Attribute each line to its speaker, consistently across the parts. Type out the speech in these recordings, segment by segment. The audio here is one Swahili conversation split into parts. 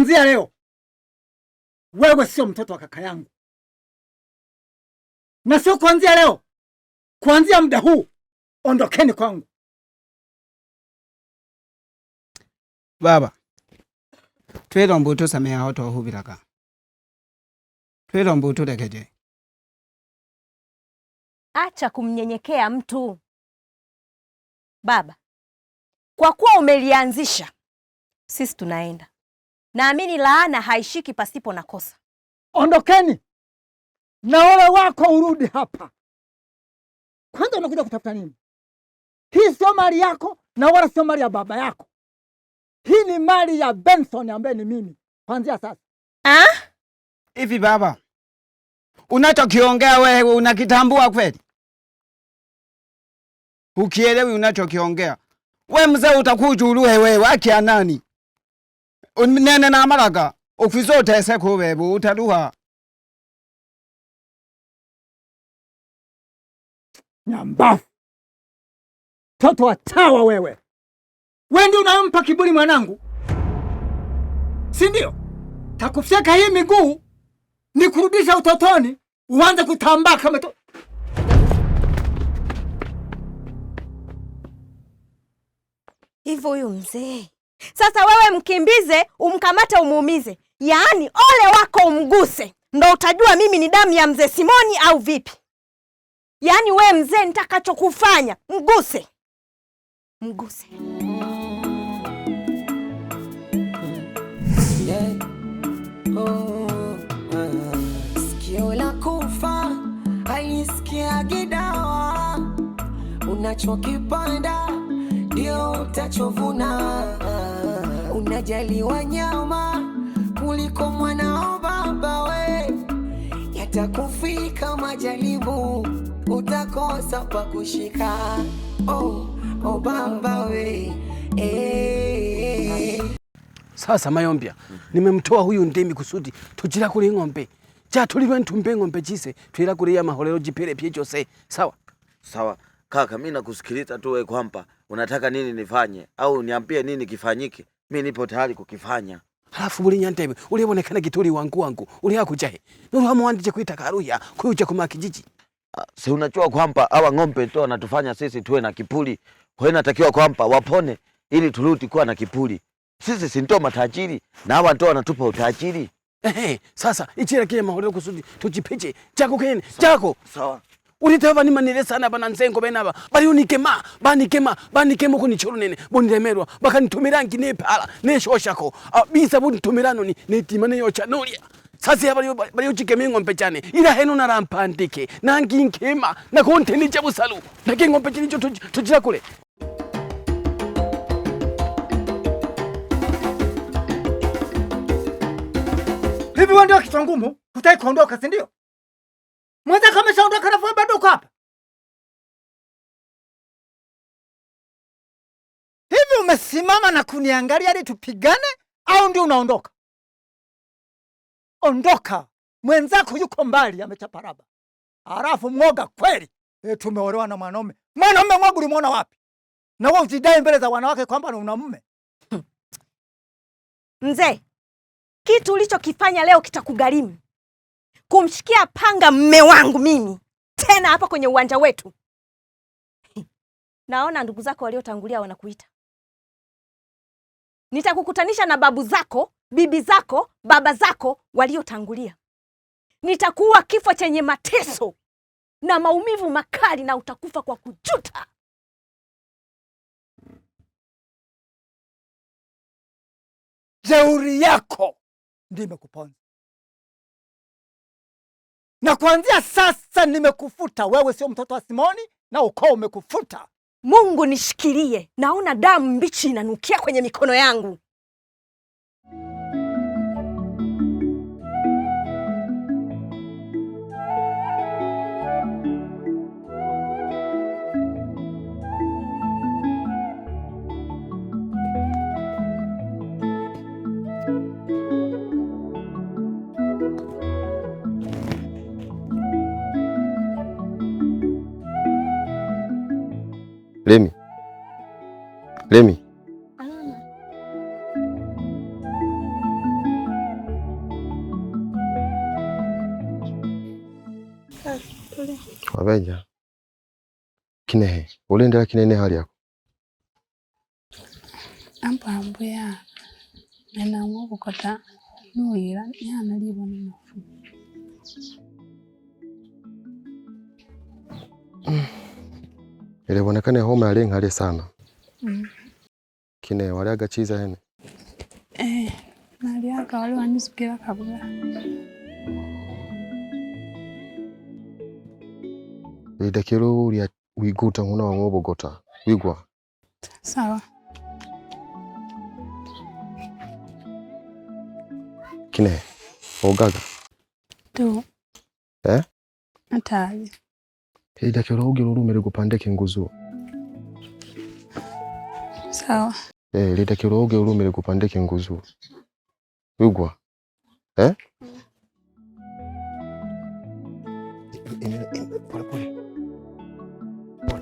Speaker 1: kuanzia leo wewe sio mtoto wa kaka yangu, na sio kuanzia leo, kuanzia muda huu ondokeni kwangu.
Speaker 2: Baba twilomba utusameha twohuvilaka twilomba utulekeje.
Speaker 3: Acha kumnyenyekea mtu baba, kwa kuwa umelianzisha, sisi tunaenda Naamini laana haishiki pasipo na kosa.
Speaker 1: Ondokeni na ole wako, urudi hapa kwanza. Unakuja kutafuta nini? Hii sio mali yako na wala sio mali ya baba yako. Hii ni mali ya Benson ambaye ni mimi kwanzia sasa.
Speaker 3: Ah?
Speaker 4: Hivi baba, unachokiongea wewe unakitambua kweli? Ukielewi unachokiongea we mzee, utakuja uruhe wewe, akia nani? nene maraka ofisi ote sekho bebo uthalu ha
Speaker 1: nyambafu mtoto wa wewe, ndio unampa kiburi mwanangu, si ndio? Takufyeka hii miguu nikurudisha utotoni, uanze kutambaa kama to...
Speaker 3: hivyo huyu mzee sasa wewe mkimbize, umkamate, umuumize, yaani ole wako umguse, ndo utajua mimi ni damu ya mzee Simoni au vipi? Yaani we mzee, nitakachokufanya mguse, mguse. Oh, uh, unachokipanda ndio utachovuna.
Speaker 5: Tunajaliwa wanyama kuliko mwanao baba we, yatakufika majaribu, utakosa pa kushika. Oh, oh baba we eh. Sasa mayombia Nimemtoa huyu ndemi kusudi tujira kuli ng'ombe ja tuliwe ntumbe ng'ombe chise twira kuli ya maholero jipere pye chose sawa
Speaker 6: sawa. Kaka, mimi nakusikiliza tu wewe, kwamba unataka nini nifanye au niambie nini kifanyike? mi nipo tayari kukifanya.
Speaker 5: Halafu buli nyantebe ulibonekana kituli wangu wangu ulihakujahe nuluhamuwandije kuita karuya kuyuja kuma kijiji
Speaker 6: ah, si unachua kwamba awa ng'ombe tu wanatufanya sisi tuwe na kipuli. kwa hiyo natakiwa kwamba wapone ili turudi kuwa na kipuli. Sisi si ndio matajiri na hawa ndio wanatupa utajiri.
Speaker 5: Ehe, sasa ichira kile mahoro kusudi tujipiche chako kene chako. Sawa uritheva sana bana nzengo bena ba bali unikema bani bani kema kema ko choro nene boni baka banikema banikema kunichurunene bonilemerwa bakanitumirangi nephala neshoshako bisa bunitumiranoni netima neyochanulya sasi baliochikema ing'ombe chane ila na narampandike nangi nkema nakontendija busalu nake ing'ombe cho tuchila kule
Speaker 1: hivi wewe ndio kichwa ngumu, hutaki kuondoka, si ndio? Mwanza kama shaondoka umesimama na kuniangalia ili tupigane au ndio unaondoka? Ondoka, mwenzako yuko mbali, amechaparaba. Alafu mwoga kweli, e, tumeolewa na mwanaume. Mwanaume mwoga ulimwona wapi? Na wewe ujidai mbele za wanawake kwamba una mume hmm.
Speaker 3: mzee. Kitu ulichokifanya leo kitakugharimu, kumshikia panga mme wangu mimi tena hapa kwenye uwanja wetu. Naona ndugu zako waliotangulia wanakuita Nitakukutanisha na babu zako, bibi zako, baba zako waliotangulia. Nitakuua kifo chenye mateso na maumivu makali, na utakufa kwa kujuta.
Speaker 1: Jeuri yako ndiyo imekuponza, na kuanzia sasa nimekufuta. Wewe sio mtoto wa Simoni na ukoo umekufuta.
Speaker 3: Mungu nishikilie, naona damu mbichi inanukia kwenye mikono yangu.
Speaker 7: Vaija Kinehe, uliendelea Kinene hali yako
Speaker 8: ambo ambuya ya nanang'wa okukota nuwira yana libona nafu
Speaker 7: mm. ilibonekana homa yali nkhali sana mm. Kinehe waliaga chiza hene
Speaker 8: eh, naliaga wali wanizukila kabula
Speaker 7: litakero lya wiguta huna wa ng'obogota wigwa sawa kine ogaga tu eh
Speaker 8: ataje
Speaker 7: litakero ugiro lumere kupandeke nguzo sawa eh litakero ugiro lumere kupandeke nguzo wigwa eh? Eh, eh, eh pole pole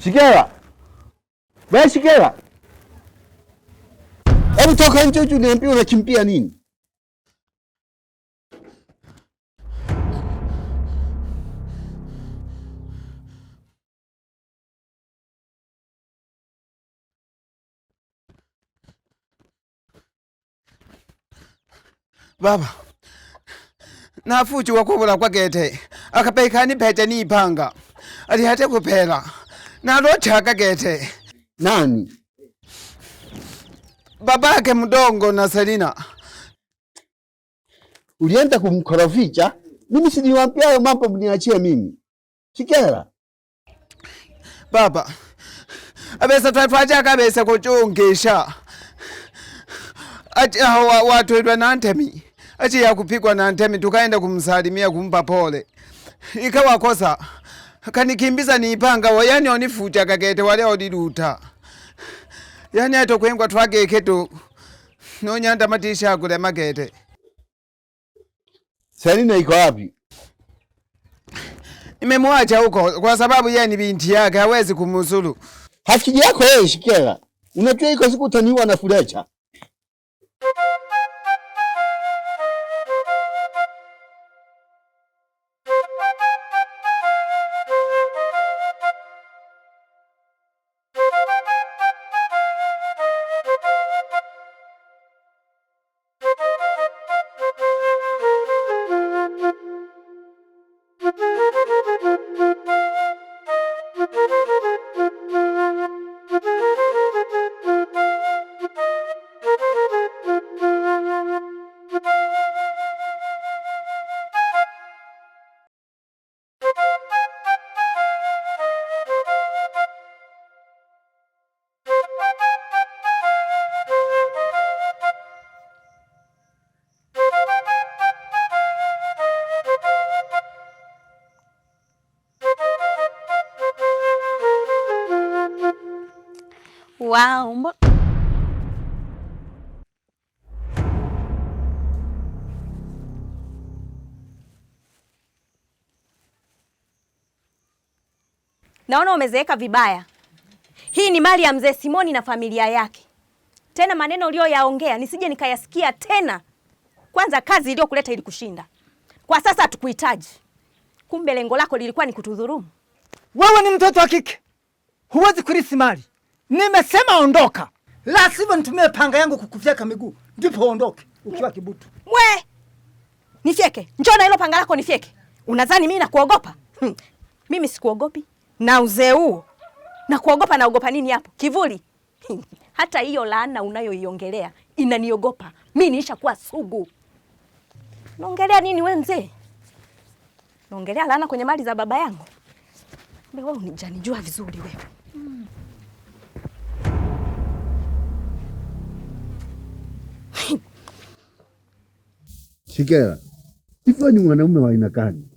Speaker 9: Shikela, baya Shikela, hebu toka nje huju, niambie unakimbia nini?
Speaker 10: Baba nafuchuwa kuvula kwagete akapeikani pete ni ipanga kupela nalothaka kete nani babake mdongo na Selina.
Speaker 9: Ulienda kumkoroficha? Mimi siniwaambia hayo mambo, mniachie mimi. Shikela
Speaker 10: baba abesa twatwachaka kabesa kuchungisha ati na ntemi achi yakupikwa na ntemi tukaenda kumsalimia kumpa pole ikawakosa kanikimbiza wa yani onifuja kakete wale odiluta yani ate okwengwa no nyanda matisha kule makete
Speaker 9: Selina iko wapi?
Speaker 10: Nimemwacha huko kwa sababu yeye ni binti yake hawezi kumuzulu.
Speaker 9: hafiki yako yeye shikela. Unajua iko siku utaniwa na fulecha.
Speaker 3: Wow. Naona umezeeka vibaya. Hii ni mali ya mzee Simoni na familia yake. Tena maneno uliyoyaongea nisije nikayasikia tena. Kwanza kazi iliyokuleta ili kushinda. Kwa sasa hatukuhitaji. Kumbe lengo lako lilikuwa ni kutudhurumu.
Speaker 1: Wewe ni mtoto wa kike, huwezi kurithi mali. Nimesema ondoka,
Speaker 5: la sivyo nitumie panga yangu kukufyeka miguu, ndipo uondoke ukiwa kibutu.
Speaker 3: We nifyeke, njoo na hilo panga lako nifyeke. Unadhani mimi nakuogopa? Hmm. Mimi sikuogopi na uzee huo na kuogopa, naogopa nini hapo kivuli? Hmm. Hata hiyo laana unayoiongelea inaniogopa mi, kuwa sugu. Naongelea nini we mzee? Naongelea laana kwenye mali za baba yangu? Wewe unijanijua vizuri wewe.
Speaker 9: Shikela, hivyo ni mwanaume wa aina gani?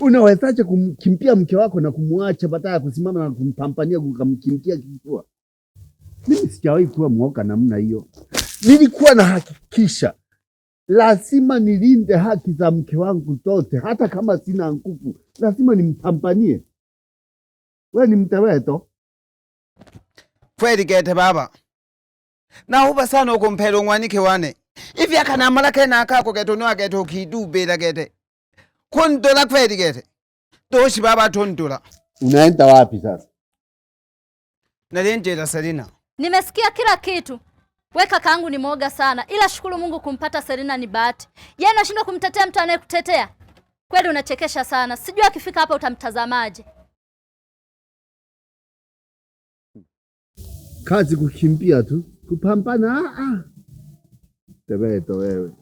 Speaker 9: Unawezaje kumkimbia mke wako na kumwacha baadaye kusimama na kumpampania kukamkimkia kifua? Mimi sijawahi kuwa mwoka namna hiyo. Nilikuwa nahakikisha lazima nilinde haki za mke wangu zote, hata kama sina nguvu, lazima nimpambanie. We ni mteweto
Speaker 11: kweli, Gete baba, nahupa sana ukumpela ng'wanike wane na no ki be Ivi akhanamala khene akhakho kethe ono akhethe ukhiitta upeta kethe khuntola kweli kethe toshi babathu ontula.
Speaker 9: Unaenda wapi sasa?
Speaker 11: Nalienjera Selina.
Speaker 3: Nimesikia kila kitu. weka kangu ni moga sana, ila shukuru Mungu kumpata Selina ni bahati. Yeye anashindwa kumtetea mtu anayekutetea. Kweli unachekesha sana, sijui akifika hapa utamtazamaje.
Speaker 9: Kazi kukimbia tu kupambana. Ah, ah. kocha, Тебе не wewe.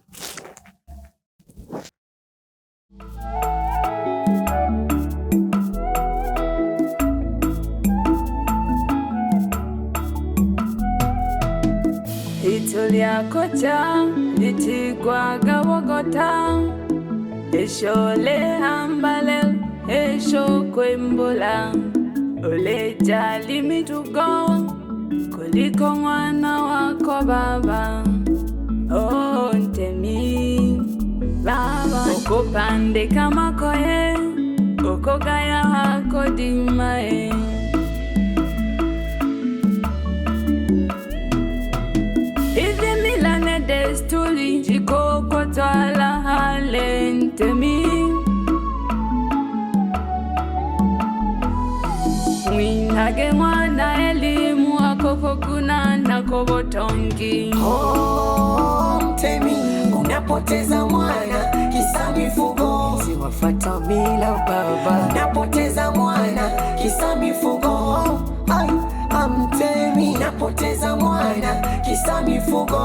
Speaker 9: itulyakotya litigwagawogota esholehambale eshokwembula jali limitugo kuliko mwana wako baba Oh, ntemi okopande okopandeka makoye okogaya hako dimae hivi destuli, ne desturi
Speaker 12: jikokotwala hale ntemi mwinage mwa wako botongi. Oh, mtemi unapoteza mwana kisa mifugo, siwafata bila baba. Unapoteza mwana kisa mifugo, ai amtemi unapoteza mwana kisa mifugo,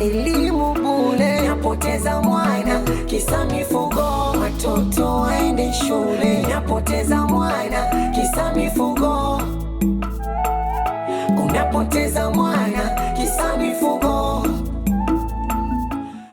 Speaker 12: elimu bule. Unapoteza mwana kisa mifugo, watoto waende shule. Unapoteza mwana kisa mifugo utapoteza mwana.